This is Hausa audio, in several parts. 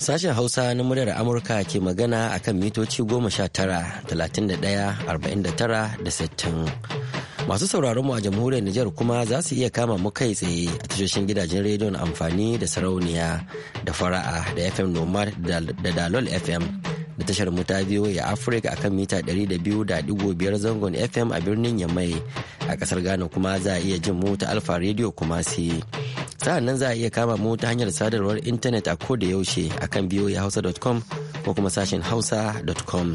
Sashen Hausa na muryar Amurka ke magana akan mitoci goma sha tara, talatin ɗaya, arba'in tara da sittin. Masu sauraron mu a jamhuriyar Nijar kuma za su iya kama mu kai tsaye a tashoshin gidajen rediyon amfani da sarauniya da fara'a da FM Nomad da Dalol FM da tashar mu ta biyo ya Afirka kan mita 200.5 zangon FM a birnin Yamai a kasar Ghana kuma za a iya jin mu ta Alfa Radio kuma si sa'an nan za a iya kama mu ta hanyar sadarwar intanet a ko da yaushe akan hausa.com ko kuma sashen hausa.com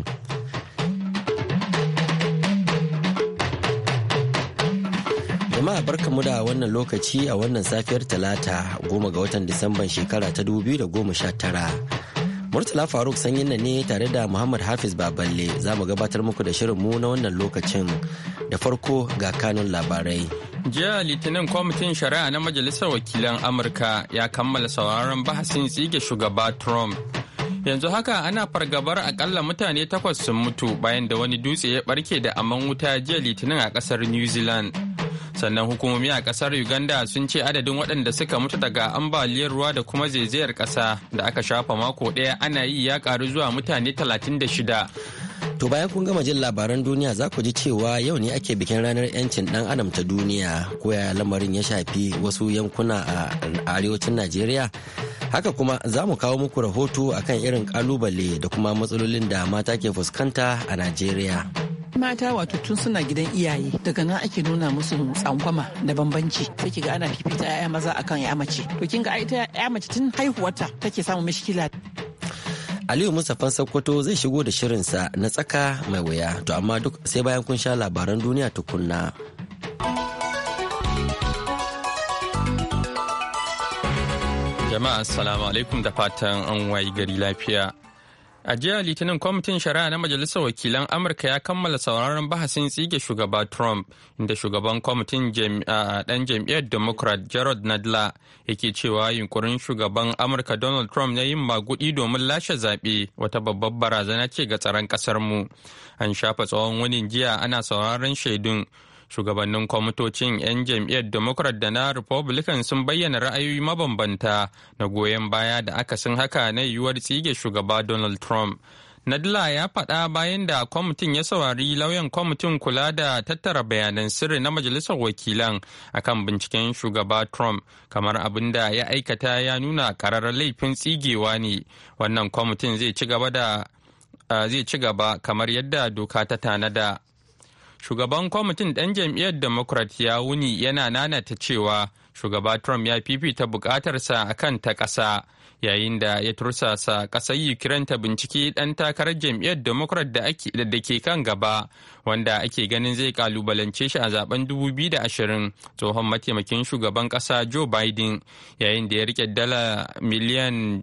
jama'a barka mu da wannan lokaci a wannan safiyar talata goma ga watan disamban shekara ta da goma sha tara. murtala faruk sanyin na ne tare da muhammad hafiz baballe za mu gabatar muku da shirin mu na wannan lokacin da farko ga kanun labarai jiya litinin kwamitin shari'a na majalisar wakilan amurka ya kammala sauraron bahasin tsige shugaba trump yanzu haka ana fargabar akalla mutane takwas sun mutu bayan da wani dutse ya barke da aman wuta jiya litinin a kasar new zealand sannan hukumomi a kasar uganda sun ce adadin waɗanda suka mutu daga ambaliyar ruwa da kuma zaizayar ƙasa da aka shafa mako ɗaya ana yi ya ƙaru zuwa mutane 36 To bayan kun gama jin labaran duniya za ku ji cewa yau ne ake bikin ranar 'yancin dan adam ta duniya ko ya lamarin ya shafi wasu yankuna a arewacin Najeriya. Haka kuma za mu kawo muku rahoto akan irin kalubale da kuma matsalolin da mata ke fuskanta a Najeriya. mata wato tun suna gidan iyaye daga nan ake nuna musu tsangwama da bambanci sai kiga ana fifita 'ya'ya maza akan 'ya mace to kinga ai ta 'ya mace tun haihuwarta take samun mishkila Aliyu Mustapha Sokoto zai shigo da shirinsa na tsaka mai wuya to amma duk sai bayan kun sha labaran duniya tukunna. Jama'a assalamu alaikum da fatan an wayi gari lafiya. A jiya Litinin kwamitin shari'a na Majalisar Wakilan Amurka ya kammala sauraron bahasin tsige shugaba Trump, da shugaban kwamitin ɗan jam'iyyar Democrat Gerald Nadler yake cewa yunkurin shugaban Amurka Donald Trump ya yi maguɗi domin lashe zaɓe wata babbar barazana ce ga tsaron ƙasarmu. An shafa tsawon wani jiya ana sauraron shaidun shugabannin kwamitocin 'yan jam'iyyar democrat da na republican sun bayyana ra'ayoyi mabambanta na goyon baya da aka sun haka na yiwuwar tsige shugaba donald trump nadla ya faɗa bayan da kwamitin ya saurari lauyan kwamitin kula da tattara bayanan sirri na majalisar wakilan akan binciken shugaba trump kamar abin da ya aikata ya nuna ƙararrar laifin tsigewa ne wannan kwamitin zai ci gaba kamar yadda doka ta tanada shugaban kwamitin ɗan jam'iyyar democrat ya wuni yana nanata cewa shugaba trump ya fifita buƙatarsa a kan ta ƙasa yayin da ya tursasa ƙasar ukraine ta binciki ɗan takarar jam'iyyar democrat da ke kan gaba wanda ake ganin zai kalubalance shi a zaben 2020 tsohon mataimakin shugaban ƙasa joe biden yayin da ya rike dala miliyan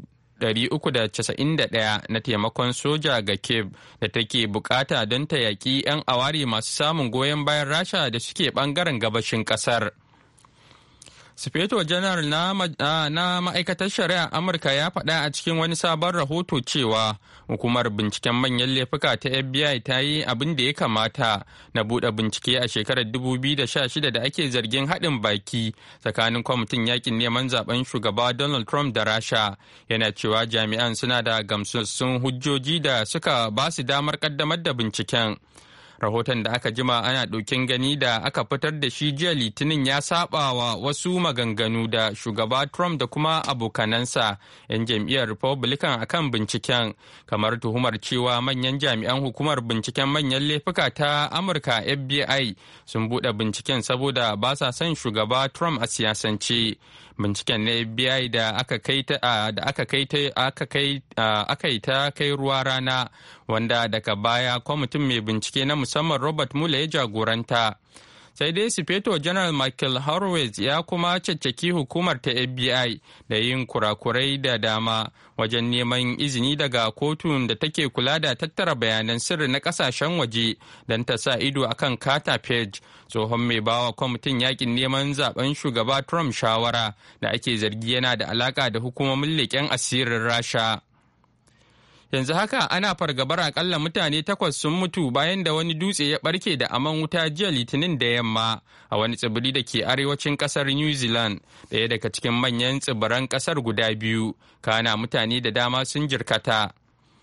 391 na taimakon soja ga Kiev da take bukata don ta yaƙi 'yan awari masu samun goyon bayan Rasha da suke ɓangaren gabashin ƙasar. Sifeto janar na ma'aikatar shari'a Amurka ya faɗa a cikin wani sabon rahoto cewa hukumar binciken manyan laifuka ta FBI ta yi abin da ya kamata na buɗe bincike a shekarar 2016 da ake zargin haɗin baki tsakanin kwamitin yakin neman zaben shugaba Donald Trump da Rasha yana cewa jami'an suna da gamsassun hujjoji da suka ba su damar ƙaddamar da binciken. rahoton da aka jima ana ɗokin gani da aka fitar da shi jiya litinin ya saba wa wasu maganganu da shugaba trump da kuma abokanansa 'yan jam'iyyar republican a kan binciken kamar tuhumar cewa manyan jami'an hukumar binciken manyan laifuka ta amurka fbi sun bude binciken saboda ba sa son shugaba trump a siyasance binciken fbi da aka kai ta kai ruwa rana wanda daga baya kwamitin mai bincike na musamman robert mueller ya jagoranta sai dai sufeto general michael horowitz ya kuma caccaki hukumar ta fbi da yin kurakurai da dama wajen neman izini daga kotun da take kula da tattara bayanan sirri na kasashen waje don ta sa ido akan carter page tsohon mai bawa kwamitin yakin neman zaben shugaba trump shawara da ake zargi yana da alaka da hukumomin leƙen asirin rasha yanzu haka ana fargabar akalla mutane takwas sun mutu bayan da wani dutse ya barke da aman wuta jiya litinin da yamma a wani tsibiri da ke arewacin kasar new zealand ɗaya daga cikin manyan tsibiran kasar guda biyu kana mutane da dama sun jirkata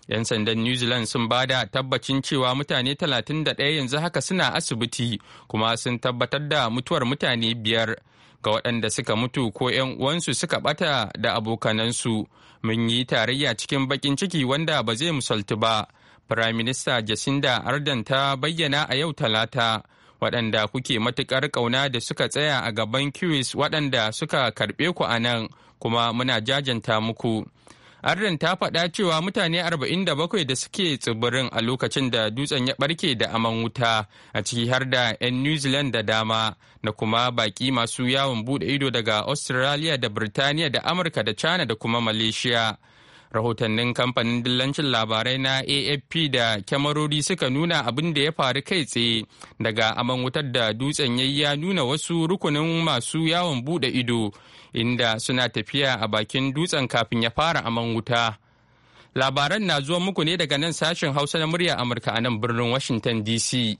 'yan sandan new zealand sun ba da tabbacin cewa mutane 31 yanzu haka suna asibiti kuma sun tabbatar da mutuwar mutane biyar ga waɗanda suka mutu ko 'yan uwansu suka ɓata da abokanansu mun yi tarayya cikin baƙin ciki wanda ba zai musaltu ba firayim minista jacinda ardan ta bayyana a yau talata waɗanda kuke matuƙar ƙauna da suka tsaya a gaban qs waɗanda suka karɓe ku a nan kuma muna jajanta muku Arden ta faɗa cewa mutane 47 da suke tsibirin a lokacin da dutsen ya ɓarke da aman wuta a ciki har da 'yan New Zealand da dama da kuma baƙi masu yawon buɗe ido daga Australia da Birtaniya da Amurka da China da kuma Malaysia. Rahotannin kamfanin dillancin labarai na AFP da kyamarori suka nuna abin da ya faru kai tsaye daga aman wutar da dutsen ya nuna wasu rukunin masu yawon buɗe ido. inda suna tafiya a bakin dutsen kafin ya fara aman wuta labaran na zuwa muku ne daga nan sashen hausa na murya amurka a nan birnin washington dc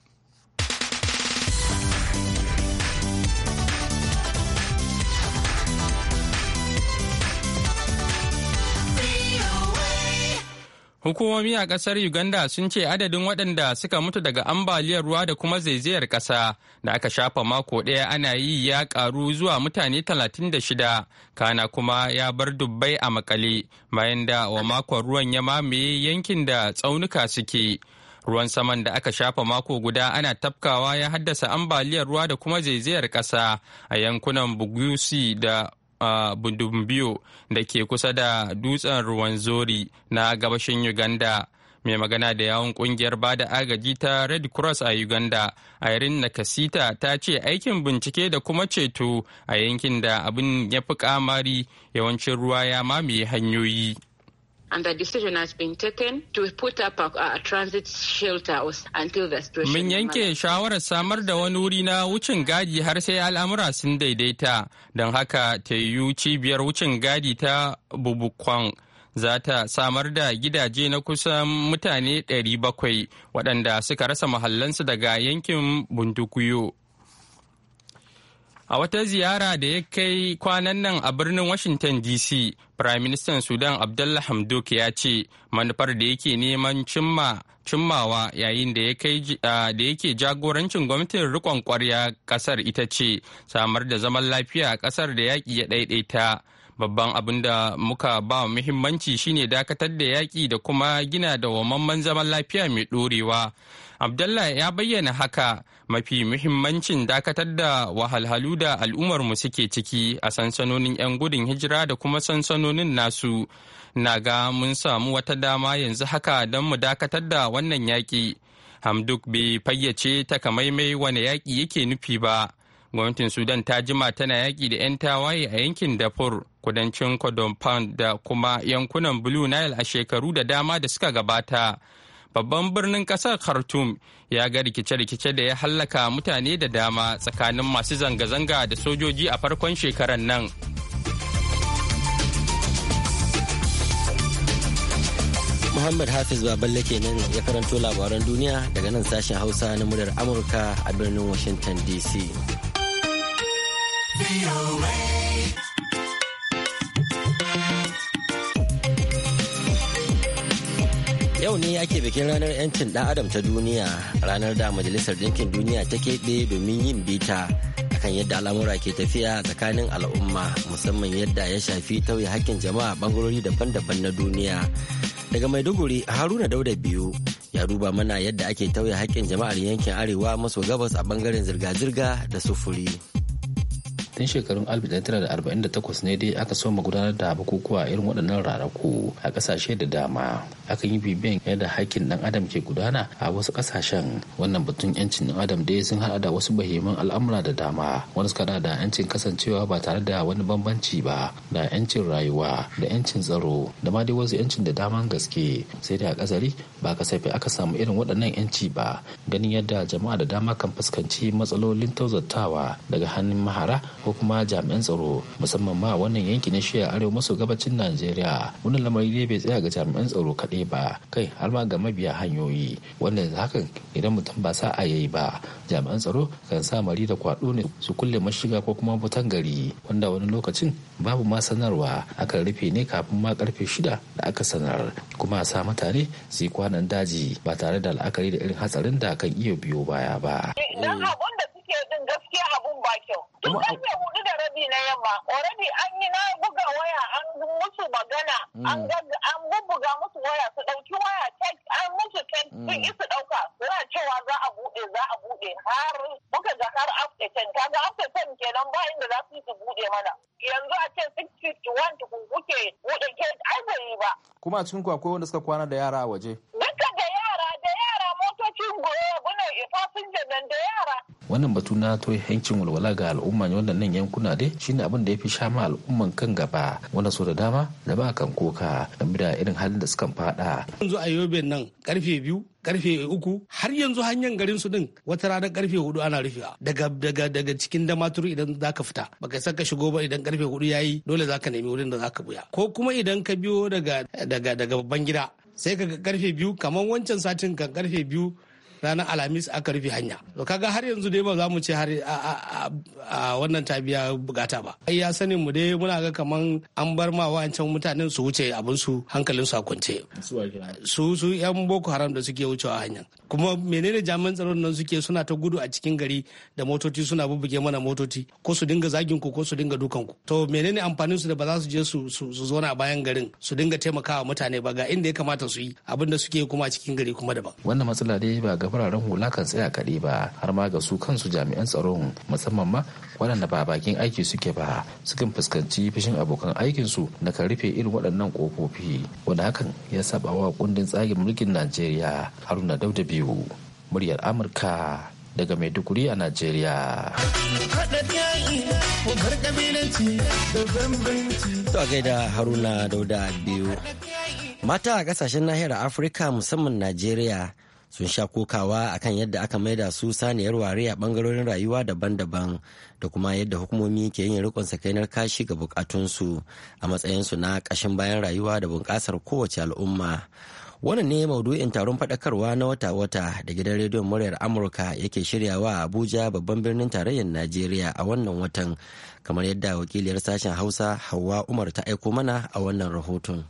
Hukumomi a ƙasar Uganda sun ce adadin waɗanda suka mutu daga ambaliyar ruwa da kuma zaizayar ƙasa da aka shafa mako ɗaya ana yi ya ƙaru zuwa mutane 36 kana kuma ya bar dubbai a makale bayan da wa makon ruwan ya mamaye yankin da tsaunuka suke. Ruwan saman da aka shafa mako guda ana tafkawa ya haddasa ambaliyar ruwa da kuma zaizayar ƙasa a yankunan Bugusi da a Bundumbiyo da ke kusa da dutsen ruwan zori na gabashin Uganda. Mai magana da yawon kungiyar bada agaji ta Red Cross a Uganda, Irene Nakasita ta ce aikin bincike da kuma ceto a yankin da abin ya fi kamari yawancin ruwa ya mamaye hanyoyi. and the has been taken to put up transit shelter until the Mun yanke shawarar samar da wani wuri na wucin gadi har sai al'amura sun daidaita don haka ta yiwu cibiyar wucin gadi ta Bubukwan. za ta samar da gidaje na kusan mutane 700 waɗanda suka rasa mahallansu daga yankin Bundukuyo. A wata ziyara da ya kai kwanan nan a birnin Washington DC, Prime Minister Sudan Abdullah Hamdok ya ce manufar da yake neman cimma cimmawa yayin da yake jagorancin gwamnatin rikon ƙwarya ƙasar ita ce samar da zaman lafiya a kasar da yaƙi ya ɗaiɗaita. babban abin da muka ba muhimmanci shine dakatar da yaƙi da kuma gina dawwammamen zaman lafiya mai ɗorewa abdullah ya bayyana haka mafi muhimmancin dakatar da wahalhalu da al'ummarmu suke ciki a sansanonin 'yan gudun hijira da kuma sansanonin nasu na ga mun samu wata dama yanzu haka don mu dakatar da wannan yaƙi hamduk bai fayyace takamaimai wani yaƙi yake nufi ba gwamnatin sudan ta jima tana yaƙi da 'yan tawaye a yankin dafur kudancin pound da kuma yankunan Blue Nile a shekaru da dama da suka gabata. Babban birnin kasar Khartoum ya ga rikice-rikice da ya hallaka mutane da dama tsakanin masu zanga-zanga da sojoji a farkon shekarar nan. Muhammad Hafiz Baballe kenan ya karanto labaran duniya daga nan sashen Hausa na murar Amurka a birnin Washington DC. yau ne ake bikin ranar 'yancin ɗan adam ta duniya ranar da majalisar ɗinkin duniya ta keɓe domin yin bita akan yadda al'amura ke tafiya tsakanin al'umma musamman yadda ya shafi tauye hakkin jama'a bangarori daban-daban na duniya daga maiduguri haruna dauda biyu ya duba mana yadda ake tauye hakkin jama'ar yankin arewa maso gabas a bangaren zirga-zirga da sufuri. tun shekarun 1948 ne dai aka soma gudanar da bukukuwa irin waɗannan ranaku a ƙasashe da dama akan yi bibiyan yadda hakkin ɗan adam ke gudana a wasu ƙasashen wannan batun 'yancin ɗan adam dai sun haɗa da wasu bahiman al'amura da dama wani suka haɗa da 'yancin kasancewa ba tare da wani bambanci ba da 'yancin rayuwa da 'yancin tsaro da ma dai wasu 'yancin da daman gaske sai dai a ƙasari ba kasafi aka samu irin waɗannan 'yanci ba ganin yadda jama'a da dama kan fuskanci matsalolin tauzatawa daga hannun mahara ko ko kuma jami'an tsaro musamman ma wannan yanki na shiya arewa maso gabacin najeriya wani lamari ne bai tsaya ga jami'an tsaro kaɗai ba kai har ma ga mabiya hanyoyi wanda hakan idan mutum ba sa a yayi ba jami'an tsaro kan sa mari da kwaɗo ne su kulle mashiga ko kuma butan gari wanda wani lokacin babu ma sanarwa akan rufe ne kafin ma karfe shida da aka sanar kuma a sa mutane su yi kwanan daji ba tare da la'akari da irin hatsarin da kan iya biyo baya ba. suke din gaskiya abun ba kyau. Tun karfe hudu da rabi na yamma, already an yi na buga waya an musu magana, hmm. an bubbuga musu waya su dauki waya text an musu text sun yi hmm. su ɗauka. Suna cewa za a buɗe za a buɗe har muka ga har after ten, ga after ten kenan ba inda za su yi su buɗe mana. Yanzu a ce 651 tukun kuke buɗe ke ai bai yi ba. Kuma a cikin ku akwai wanda suka kwana da yara a waje. wannan batu na to yankin walwala ga al'umma ne wannan nan yankuna dai shine abin da ya fi sha ma al'umman kan gaba wanda so da dama da ba kan koka game da irin halin da sukan fada yanzu a yobe nan karfe biyu karfe uku har yanzu hanyar garin su din wata rana karfe hudu ana rufewa daga daga daga cikin damaturu idan zaka fita baka san ka shigo ba idan karfe hudu ya yi dole ka nemi wurin da ka buya ko kuma idan ka biyo daga daga daga babban gida sai ka karfe biyu kamar wancan satin kan karfe biyu ranar alhamis aka rufe hanya to kaga har yanzu dai ba za mu ce har a wannan ta biya bukata ba ai ya sanin mu dai muna ga kaman an bar ma wa'ancan mutanen su wuce abin su hankalin su a kwance su su yan boko haram da suke wucewa hanya. kuma menene jami'an tsaron nan suke suna ta gudu a cikin gari da motoci suna bubbuge mana motoci ko su dinga zagin ku ko su dinga dukan ku to menene amfanin su da ba za su je su su zo na bayan garin su dinga taimakawa mutane ba ga inda ya kamata su yi abin da suke kuma a cikin gari kuma daban wannan matsala dai ba ga fararen hula kan tsaya kaɗai ba har ma ga su kansu jami'an tsaron musamman ma waɗanda ba bakin aiki suke ba sukan fuskanci fushin abokan aikinsu na kan rufe irin waɗannan ƙofofi wanda hakan ya saba wa kundin tsarin mulkin najeriya haruna dauda biyu muryar amurka daga maiduguri a najeriya to gaida haruna dauda biyu mata a kasashen nahiyar afirka musamman najeriya sun sha kokawa akan yadda aka maida su saniyar ware a bangarorin rayuwa daban-daban da kuma yadda hukumomi ke yin rikon sakainar kashi ga bukatunsu a matsayinsu na ƙashin bayan rayuwa da bunƙasar kowace al'umma wannan ne maudu'in taron faɗakarwa na wata-wata da gidan rediyon muryar amurka yake shiryawa a abuja babban birnin tarayyar najeriya a wannan watan kamar yadda wakiliyar sashen hausa hawa umar ta aiko mana a wannan rahoton.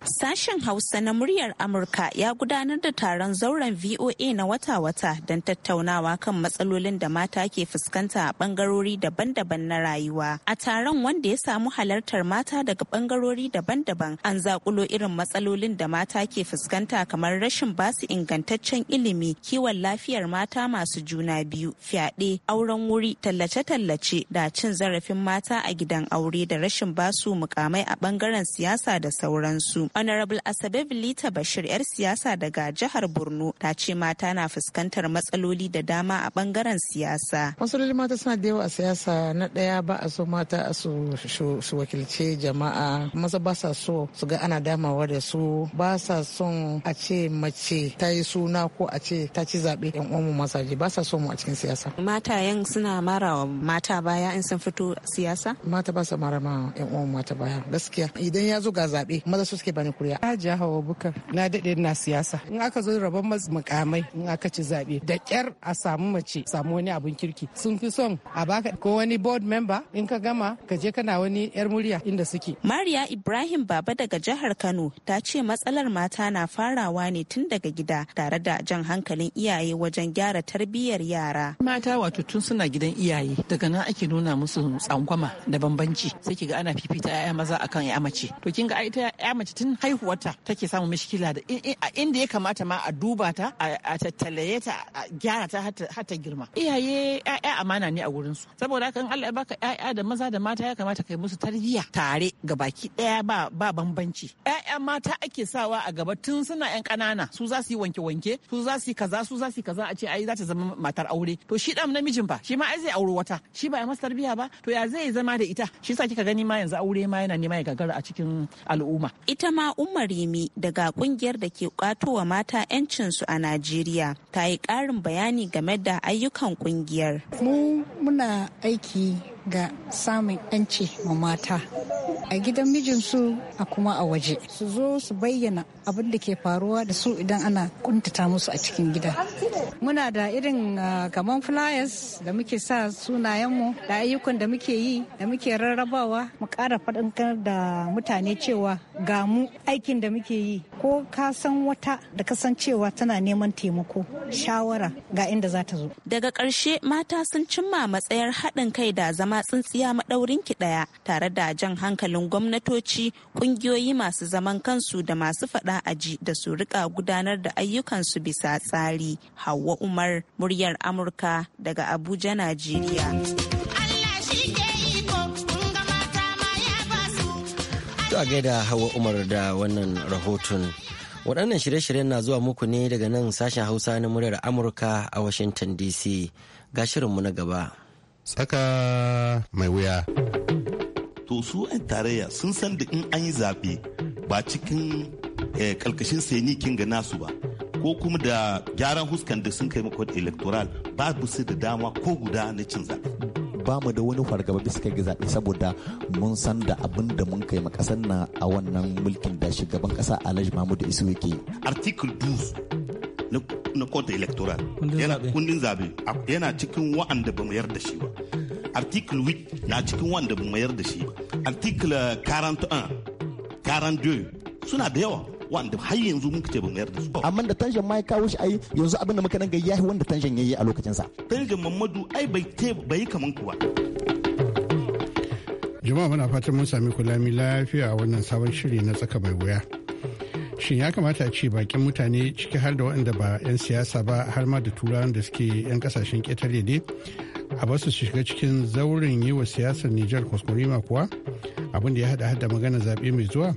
Sashen Hausa na muryar Amurka ya gudanar da taron zauren VOA na wata-wata don tattaunawa kan matsalolin da mata ke fuskanta a bangarori daban-daban na rayuwa. A taron wanda ya samu halartar mata daga bangarori daban-daban an zakulo irin matsalolin da mata ke fuskanta kamar rashin basu ingantaccen ilimi, kiwon lafiyar mata masu juna biyu, fyaɗe, auren wuri, tallace-tallace da cin zarafin mata a gidan aure da rashin basu mukamai a bangaren siyasa da sauransu. Honorable Asabe Bilita Bashir 'yar siyasa daga jihar Borno ta ce mata na fuskantar matsaloli da dama a bangaren siyasa. Matsaloli mata suna da yawa a siyasa na ɗaya ba a so mata su su wakilce jama'a maza ba sa so su ga ana damawa da su ba sa son a ce mace ta yi suna ko a ce ta ci zaɓe yan mu masaje ba sa so mu a cikin siyasa. Matayen suna mara wa mata baya in sun fito siyasa? Mata ba sa mara ma yan uwan mata baya gaskiya idan ya zo ga zaɓe maza su suke bani kuriya ji hawa bukar na daɗe na siyasa in aka zo rabon mukamai in aka ci zaɓe da ƙyar a samu mace samu wani abun kirki sun fi son a baka ko wani board member in ka gama ka je kana wani yar murya inda suke mariya ibrahim baba daga jihar kano ta ce matsalar mata na farawa ne tun daga gida tare da jan hankalin iyaye wajen gyara tarbiyyar yara mata wato tun suna gidan iyaye daga nan ake nuna musu tsangwama da bambanci sai ga ana fifita 'ya'ya maza akan 'ya mace to kin ai ta 'ya mace tun tun haihuwarta take samun mishkila da inda ya kamata ma a duba ta a tattalaye ta a gyara ta har ta girma iyaye ya'ya amana ne a wurin su saboda haka in Allah ya baka ya'ya da maza da mata ya kamata kai musu tarbiyya tare ga baki daya ba ba bambanci ya'ya mata ake sawa a gaba tun suna yan kanana su za su yi wanke wanke su za su yi kaza su za su yi kaza a ce ai za ta zama matar aure to shi dan namijin ba shi ma ai zai auri wata shi ba ya masa tarbiyya ba to ya zai zama da ita shi sa kika gani ma yanzu aure ma yana neman ya gagara a cikin al'umma ita Fatima Umar daga kungiyar da ke kwatowa mata 'yancinsu a Najeriya ta yi ƙarin bayani game da ayyukan kungiyar. Mu muna aiki ga samun 'yanci ma mata a gidan mijinsu a kuma a waje su zo su bayyana abin da ke faruwa da su idan ana kuntata musu a cikin gida muna da irin gaban ah, flyers da muke sa sunayenmu da ayyukan da muke yi da muke rarrabawa mu kara faɗinkar da mutane cewa ga mu aikin da muke yi ko ka san wata da kasancewa tana neman taimako shawara ga inda za ta zo daga ƙarshe mata sun cimma matsayar haɗin kai da zama zama tsintsiya maɗaurin ki ɗaya tare da jan hankalin gwamnatoci ƙungiyoyi masu zaman kansu da masu faɗa aji da su rika gudanar da ayyukansu bisa tsari hawa umar muryar amurka daga abuja najeriya a gaida hawa umar da wannan rahoton waɗannan shirye-shiryen na zuwa muku ne daga nan sashen hausa na muryar amurka a washington dc ga shirinmu na gaba tsaka mai wuya. To su 'yan tarayya sun san da in an yi zaɓe ba cikin kalkashin eh, sayanikin ga nasu ba ko kuma da gyaran huskan da sun kai makon electoral ba su da dama ko guda na cin zaɓe. ba mu da wani fargaba bisa kai zaɓe saboda mun san da abin da mun kai makasar na a wannan mulkin da shugaban ƙasa Alhaji Mahmud Isu yake. Article 2 na na kota electoral yana kundin zabe yana cikin wa'anda ba mu yarda shi ba article 8 na cikin wa'anda ba mu yarda shi ba article 41 uh, 42 suna da yawa wanda har yanzu muka ce ba mu yarda su amma da tanjan ma ya kawo shi ai yanzu abin da muka danga yahi wanda tanjan yayi a lokacin sa tanjan mamadu ai bai te bai kaman kuwa ba jama'a muna fatan mun sami kulami lafiya wannan sabon shiri na tsaka mai wuya shin ya kamata a ce bakin mutane ciki har da waɗanda ba 'yan siyasa ba har ma da turawan da suke 'yan kasashen ƙetare ne a ba su shiga cikin zauren yi wa siyasar nijar ma kuwa abin da ya hada hada magana zaɓe mai zuwa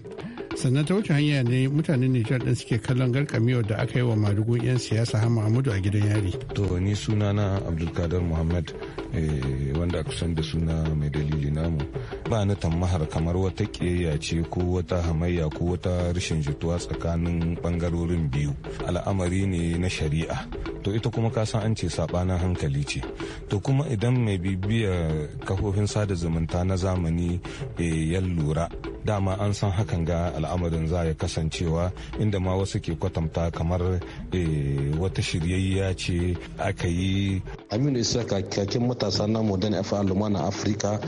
sannan ta wuce hanya ne mutanen nijar din suke kallon garkamiyar da aka yi wa madugun 'yan siyasa hamamudu a gidan yari to ni suna na abdulkadar muhammad eh, wanda kusan da suna mai dalili namu ba na tammahar kamar wata kiyayya ce ko wata hamayya ko wata rashin jituwa tsakanin bangarorin biyu al'amari ne na shari'a to ita kuma ka san an ce sabanin hankali ce to kuma idan mai bibiya kafofin sada zumunta na zamani eh, ya lura dama an san hakan ga al'amarin za ya kasancewa inda ma wasu ke kwatanta kamar eh, wata shiryayya ce aka yi aminu isa kakakin matasa na modern fa na afirka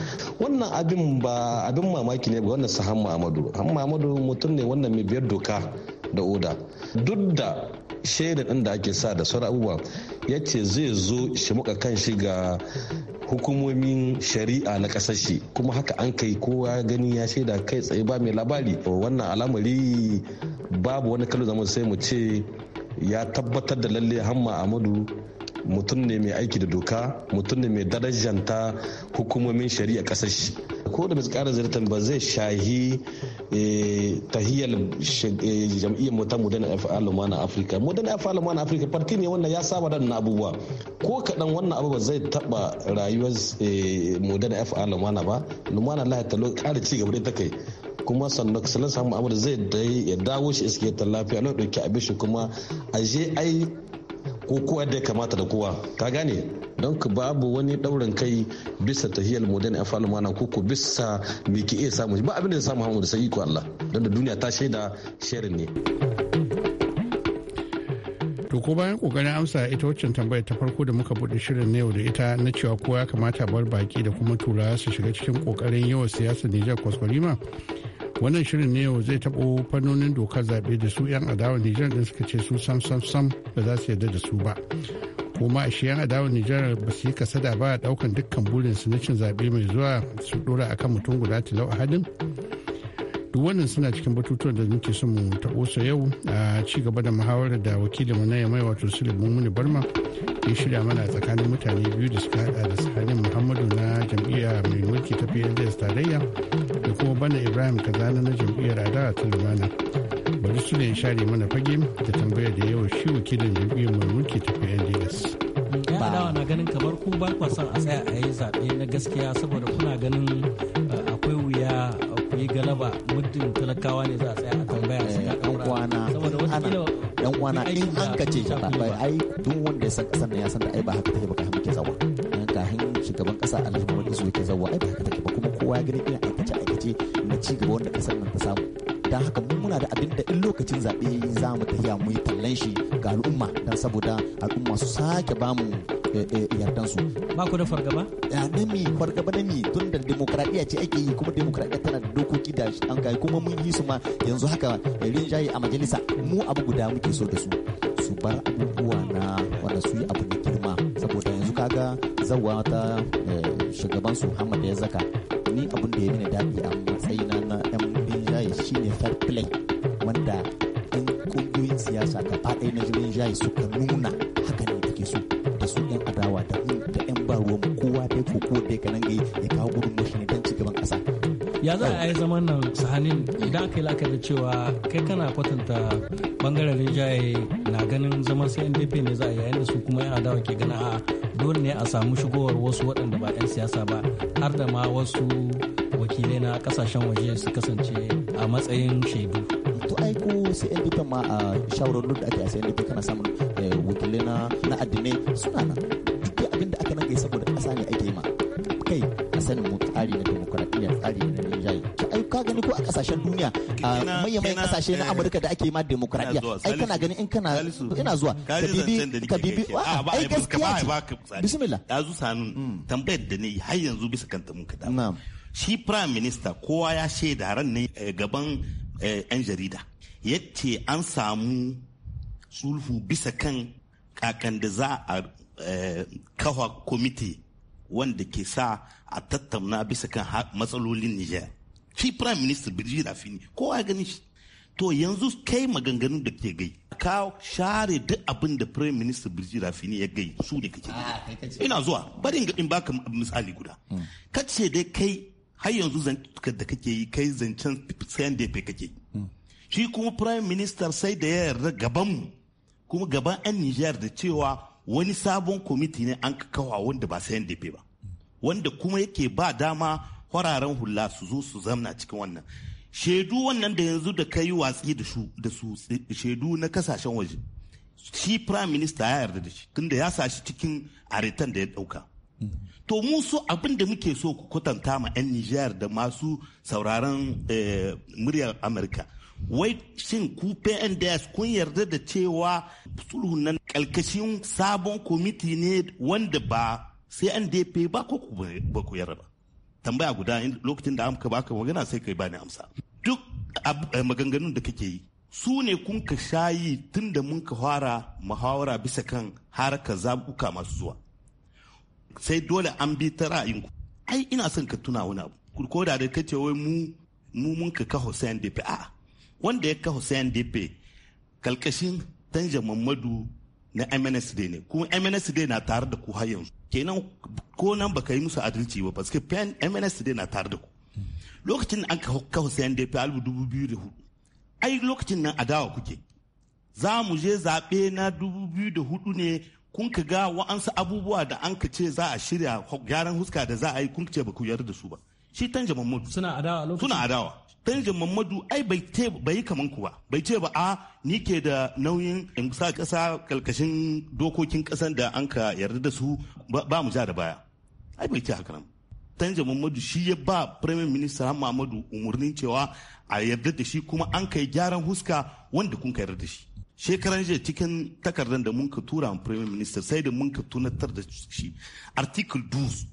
wannan abin ba abin mamaki ne ba wannan su hamma amadu hamma amadu mutum ne wannan mai biyar doka da oda duk da shaida ɗin da ake sa da sauran abubuwa ya ce zai zo shi muka kan shi ga hukumomin shari'a na ƙasar shi kuma haka an kai kowa gani ya shaida kai tsaye ba mai labari wannan al'amari babu wani kalu zaman sai mu ce ya tabbatar da lalle hamma amadu mutum ne mai aiki da doka mutum ne mai darajanta hukumomin shari'a ƙasar shi ko da ba su kara ziyartar ba zai shahi eh, tahiyar eh, jam'iyyar mu ta modern afal lumana afirka modern afal lumana afirka parti ne wannan ya saba da abubuwa ko kaɗan wannan abu ba zai taɓa rayuwar eh, modern afal lumana ba lumana lahi talo kara ci gaba da ta kai kuma sannan salansa mu'amur zai ya dawo shi iske ta lafiya na ɗauki abin shi kuma a je ai ko kowa da ya kamata da kowa ka gane don ku babu wani daurin kai bisa tahiyar modern afal mana ko ko bisa me ke iya samu ba abin da ya samu hamu da sai iko Allah don da duniya ta shaida sharing ne To ko bayan kokarin amsa ita waccan tambayar ta farko da muka bude shirin na yau da ita na cewa kowa ya kamata bar baki da kuma tura su shiga cikin kokarin yawan siyasar Nijar kwaskwarima wannan shirin ne yau zai taɓo fannonin dokar zaɓe da su 'yan adawar nijar din suka ce su sam sam sam ba za su yarda da su ba kuma a shi 'yan adawar nijar ba su yi kasada ba a ɗaukan dukkan burinsu na cin zaɓe mai zuwa su ɗora akan mutum guda tilau a hadin duk wannan suna cikin batutuwan da muke son mu taɓo yau a ci gaba da muhawarar da wakilinmu na yamai wato sulaiman mummuni barma ya shirya mana tsakanin mutane biyu da suka hada da tsakanin muhammadu na jam'iyya mai mulki ta pls tarayya da kuma bana ibrahim kazana na jam'iyyar adawa ta lumana bari su ne share mana fage da tambaya da yawa shi wakilin jam'iyyar mai mulki ta pls ba na ganin kamar ku ba son a tsaya a yi zaɓe na gaskiya saboda kuna ganin yi galaba muddin talakawa ne za a tsaya a tambaya su ka kwana saboda wata dan kwana in an ka ce ba ai duk wanda ya san kasar nan ya san da ai ba haka take ba ka ke zawa dan hin shugaban kasa Alhaji Muhammad Isu yake zawa ai ba haka take ba kuma kowa ya gani ina aikace aikace na ci gaba wanda kasar nan ta samu dan haka mun muna da abin da in lokacin zabe za mu tafiya mu yi tallan shi ga al'umma dan saboda al'umma su sake bamu Eh, eh, yardansu. Ba ku da fargaba? Na mi fargaba na mi tun da demokradiyya ce ake yi kuma demokradiyya tana da dokoki da an kai kuma mun yi su ma yanzu haka rinjaye a majalisa mu abu guda muke so da su. Su bar abubuwa na wanda su yi abu da girma saboda yanzu kaga zawa ta eh, shugaban su Hamad ya zaka ni abun da ya mini daɗi a matsayina na yan rinjaye shine fair play wanda 'yan kungiyoyin siyasa gaba ɗaya na rinjaye suka nuna ya za a yi zaman nan sahanin idan aka yi la'akari cewa kai kana kwatanta bangaren rinjaye na ganin zaman sai ndp ne za a yayin da su kuma yan adawa ke gana a dole ne a samu shigowar wasu waɗanda ba 'yan siyasa ba har da ma wasu wakilai na kasashen waje su kasance a matsayin shaidu to ai ko sai dukkan ma a shawarar da ake a sai ndp kana samun eh, wakilai na addinai suna nan duk abin da aka nan saboda ƙasa ne ake yi ma kai sanin mu tsari na demokuraɗiyya tsari na rinjaye ai ka gani ko a kasashen duniya a mayyamayin kasashe na eh. amurka da ake ma demokuraɗiyya ai kana gani in kana ina zuwa ka bibi ka bibi ah, ai gaskiya ce bismillah zu sanin hmm. tambayar da ne har yanzu bisa kan ta muka da shi prime minister kowa ya shaida ran ne eh, gaban eh, yan jarida yace an samu sulhu bisa kan kakan da za a kafa kwamiti wanda ke sa a tattauna bisa kan matsalolin Nijar. Shi Prime Minister Birji Rafini kowa ya gani shi. To yanzu kai maganganun da ke gai. Ka share duk abin da Prime Minister Birji Rafini ya gai su ne kake. Ah, Ina zuwa bari in gaɗin baka misali guda. Hmm. Ka ce dai kai har yanzu zantukar da kake yi kai zancen sayan da ya kake. Hmm. Shi kuma Prime Minister sai da ya yarda gaban mu. kuma gaban 'yan Nijar da cewa wani sabon kwamiti ne an kawo wanda ba sayan da ya ba. wanda kuma yake ba dama kwararen hula su zo su zamna cikin wannan shaidu wannan da yanzu da kai watsi da su shaidu na kasashen waje shi prime minister ya yarda da shi tunda ya sa shi cikin aretan da ya dauka to mu so abin da muke so ku kwatanta ma 'yan nijar da masu sauraron eh, muryar amurka wai shin ku pnds kun yarda da cewa sulhun nan kalkashin sabon kwamiti ne wanda ba sai an dafe ba ko ba ku yarda ba tambaya guda lokacin da amka baka magana sai kai bani amsa duk eh, maganganun da kake yi su ne kun ka shayi tun da mun ka fara muhawara bisa kan harkar zabuka masu zuwa sai dole an bi ta ku ai ina son ka tuna wani abu ko da da kace wai mu mu mun ka ka Hussein Depe a wanda ya ka Hussein Depe kalkashin Tanja Mamadu na MNSD ne kuma MNSD na tare da ku har yanzu kenan ko nan ka yi musu adalci ba parce que MNSD na tare da ku lokacin an kawo CNDP albu dubu biyu da hudu ai lokacin nan adawa kuke za mu je zaɓe na dubu biyu da hudu ne kun ka ga wa'ansu abubuwa da an ka ce za a shirya gyaran huska da za a yi kun ce ba ku yarda da su ba shi tan jama'a suna adawa suna adawa Tanjan Mamadu ai bai te bai kaman ku ba bai ce ba a ah, ni ke da nauyin in sa ƙasa kalkashin dokokin ƙasan da an ka yarda da su ba mu ja da baya ai bai ce haka nan Tanjan Mamadu shi ya ba Premier Minister Muhammadu umarnin cewa a yarda da shi kuma an kai gyaran huska wanda kun ka yarda da shi shekaran jiya cikin takardar da mun ka tura wa Premier Minister sai da mun ka tunatar da shi article 12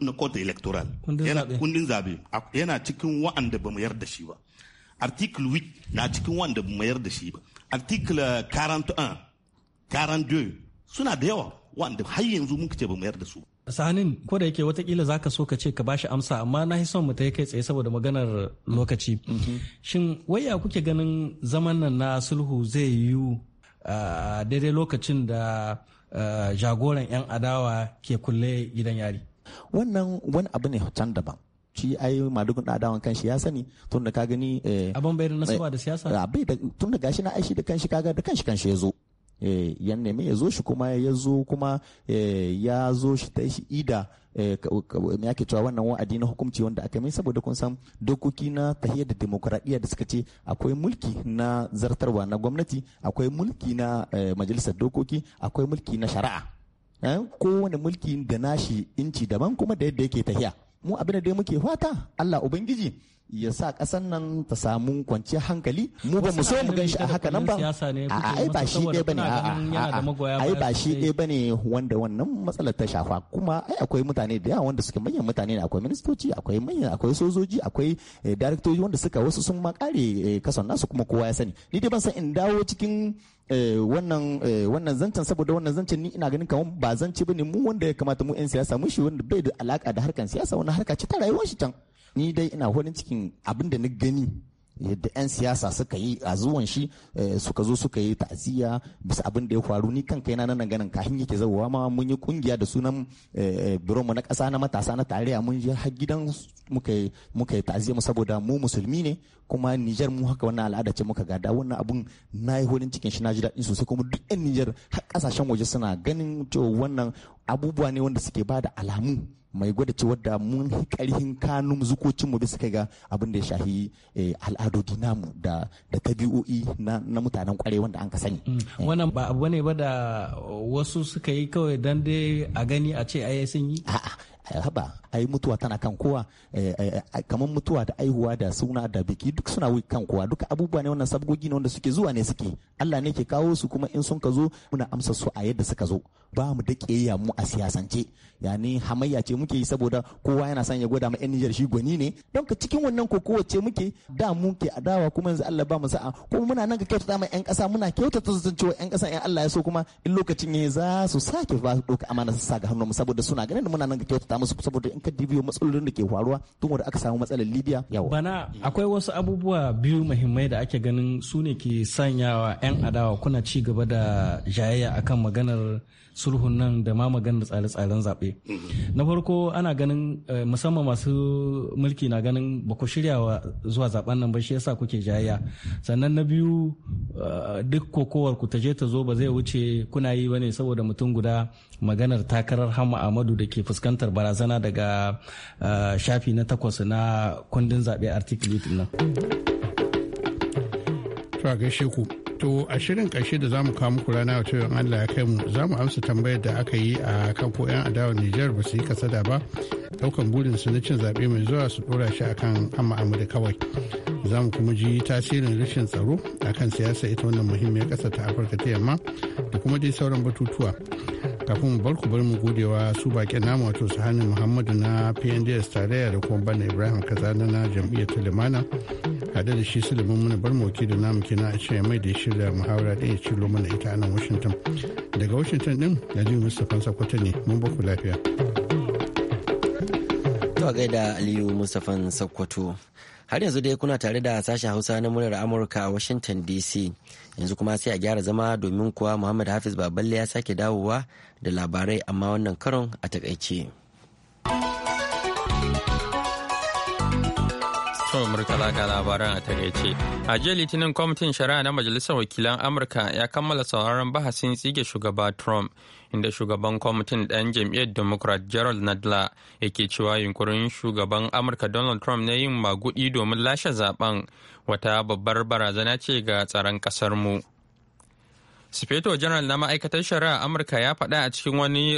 na kota electoral kundin zabe yana cikin wa'anda ba mu yarda shi ba article 8 na cikin wa'anda ba mu yarda shi ba article 41 uh, 42 suna da yawa wa'anda har yanzu muka ce ba mu yarda su sanin ko da yake watakila za ka so ka ce ka bashi amsa amma na son mu ta kai tsaye saboda maganar lokaci mm-hmm. shin waya kuke ganin zaman nan na sulhu zai yiwu uh, daidai lokacin da uh, jagoran 'yan adawa ke kulle gidan yari wannan wani abu ne can daban shi ai madugun ɗadawan kanshi ya sani tun da ka gani eh, abin bai da nasaba eh, da siyasa tun da gashi na aishi da kanshi kaga da kanshi kanshi ya zo eh, ya nemi ya zo shi kuma ya zo kuma ya zo shi ta shi ida me ake cewa wannan wa'adi na hukumci wanda aka mai saboda kun san dokoki na tahiyar da demokuraɗiyya da suka ce akwai mulki na zartarwa na gwamnati akwai mulki na majalisar dokoki akwai mulki na shari'a Eh, kowane mulki da nashi inci daban kuma da yadda yake tahiya mu abin da muke fata Allah ubangiji ya sa kasan nan ta samu kwanciyar hankali mu ba mu so mu gan shi a haka nan ba a ai ba shi ɗaya bane a ai ba shi ɗaya bane wanda wannan matsalar ta shafa kuma ai akwai mutane da yawa wanda suke manyan mutane ne akwai ministoci akwai manyan akwai sojoji akwai eh, daraktoji wanda suka wasu sun ma kare eh, kasan nasu kuma kowa ya sani ni dai ban san in dawo cikin Eh, wannan eh, wannan zancen saboda wannan zancen ni ina ganin kamar ba zance bane mu wanda ya kamata mu 'yan siyasa mun shi wanda bai da alaka da harkan siyasa wani harka ce ta rayuwar shi can ni dai ina wani cikin abin da na gani yadda 'yan siyasa suka yi a zuwan shi eh, suka zo suka yi ta'aziyya bisa abin da ya faru ni kan kaina nan ganin kahin yake zawowa ma mun yi kungiya da sunan eh, biro mu na ƙasa na matasa na tarayya mun je har gidan muka muka yi ta'aziyya mu saboda mu musulmi ne kuma Nijar mu haka wannan al'ada ce muka gada wannan abun na yi holin cikin shi na ji daɗin sosai kuma duk 'yan Nijar har ƙasashen waje suna ganin cewa wannan abubuwa ne wanda suke ba da alamu mai gwada cewar wadda mun karhin kanun zukocin mu bisa kai ga abin da ya shahi eh, al'adodi namu da da tabi'o'i na mutanen kwarai wanda an ka sani mm. eh. wannan ba abu ne ba da wasu suka yi kawai dan dai a gani a ce ai sun yi a'a Eh, haba ai mutuwa tana kan kowa eh, eh, kamar mutuwa da aihuwa da suna da biki duk suna kan kowa duka abubuwa ne wannan sabgogi ne wanda suke zuwa ne suke Allah ne ke kawo su kuma in sun ka zo muna amsa su a yadda suka zo ba mu da ƙiyayya mu a siyasance yani hamayya ce muke yi saboda kowa yana son ya gwada ma yan Nijar shi gwani ne don ka cikin wannan kowa ce muke da mu ke adawa kuma yanzu Allah ba mu sa'a kuma muna nan ga kyautata ma yan ƙasa muna kyautata su wa yan ƙasa yan Allah ya so kuma in lokacin ya za su sake ba su doka amana su sa ga hannu mu saboda suna ganin muna nan ga kyautata taimaka musu saboda in ka dibiyo matsalolin da ke faruwa tun wanda aka samu matsalar libya yawa bana akwai wasu abubuwa biyu muhimmai da ake ganin su ne ke sanyawa 'yan adawa kuna ci gaba da jayayya akan maganar sulhun nan da ma maganar tsare-tsaren zaɓe na farko ana ganin eh, musamman masu mulki na ganin ba ku shiryawa zuwa zaɓen nan ba shi yasa kuke jayayya sannan na biyu eh, duk kokowar ku ta je ta zo ba zai wuce kuna yi bane saboda mutum guda maganar takarar hama ahmadu da ke fuskantar barazana daga eh, shafi na takwas na kundin zaɓe article nan. zuwa gaishe ku. To a shirin ƙarshe da za mu kawo muku rana wato yan Allah ya kai mu za mu amsa tambayar da aka yi a kan ko 'yan adawar Nijar ba su yi kasada ba ɗaukan burin su na cin zaɓe mai zuwa su ɗora shi akan amma da kawai. Za mu kuma ji tasirin rashin tsaro akan siyasa ita wannan muhimmiyar ƙasa ta Afirka ta yamma da kuma dai sauran batutuwa. kafin bar ku bar mu wa su bakin namu wato sahani muhammadu na pnds tarayya da kuma bana ibrahim kazana na jam'iyyar talimana hada da shi sulaiman mana bar mawaki da namu na a ce mai da shirya muhawara da ya cilo mana ita a nan washington daga washington din najib mustapha sakwata ne mun ba ku lafiya. To a gaida Aliyu Mustapha Sokoto. Har yanzu dai kuna tare da sashen Hausa na muryar Amurka a Washington DC. Yanzu kuma sai a gyara zama domin kuwa Muhammad Hafiz Baballe ya sake dawowa da labarai amma wannan karon a takaice. Usman Murtala ga labaran a takaice. A jiya Litinin kwamitin shari'a na Majalisar Wakilan Amurka ya kammala sauraron bahasin tsige shugaba Trump, inda shugaban kwamitin ɗan jam'iyyar Democrat Gerald Nadler yake cewa yunkurin shugaban Amurka Donald Trump na yin magudi domin lashe zaben wata babbar barazana ce ga tsaron kasar mu. Sifeto general na ma'aikatar shari'a amurka ya faɗa a cikin wani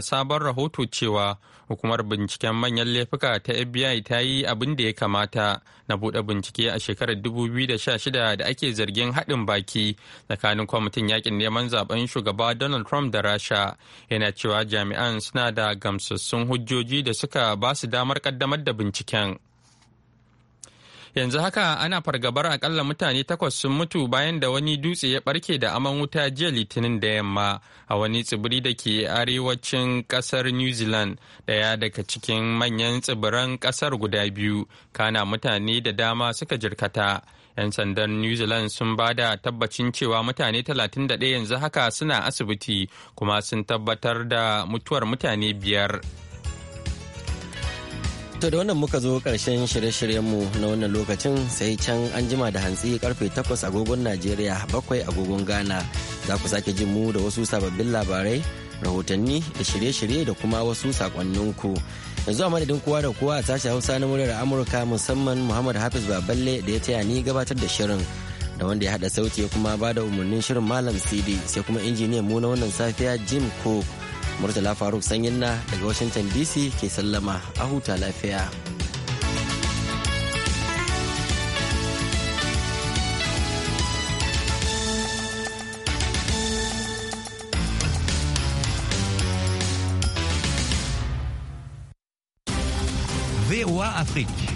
sabon rahoto cewa hukumar binciken manyan laifuka ta fbi ta yi abin da ya kamata na buɗe bincike a shekarar 2016 da ake zargin haɗin baki tsakanin kwamitin yakin neman zaben shugaba donald trump da rasha yana cewa jami'an suna da gamsassun hujjoji da suka ba su damar ƙaddamar da binciken. yanzu haka ana fargabar akalla mutane takwas sun mutu bayan da wani dutse ya barke da aman wuta jiya litinin da yamma a wani tsibiri da ke arewacin kasar new zealand daya daga cikin manyan tsibiran kasar guda biyu kana mutane da dama suka jirkata 'yan sandan new zealand sun ba da tabbacin cewa mutane 31 yanzu haka suna asibiti kuma sun tabbatar da mutuwar mutane biyar. To da wannan muka zo karshen shirye-shiryenmu na wannan lokacin sai can an jima da hantsi karfe takwas agogon Najeriya bakwai agogon Ghana za ku sake jin mu da wasu sababbin labarai rahotanni da shirye-shirye da kuma wasu sakonninku. Yanzu a madadin kowa da kowa a sashen Hausa na muryar Amurka musamman Muhammad Hafiz Baballe da ya taya ni gabatar da shirin da wanda ya haɗa sauti ya kuma ba da umarnin shirin Malam CD sai kuma injiniyan mu na wannan safiya Jim Cook. Murtala Faruk Sanyinna daga Washington DC ke sallama a huta lafiya. Afrique.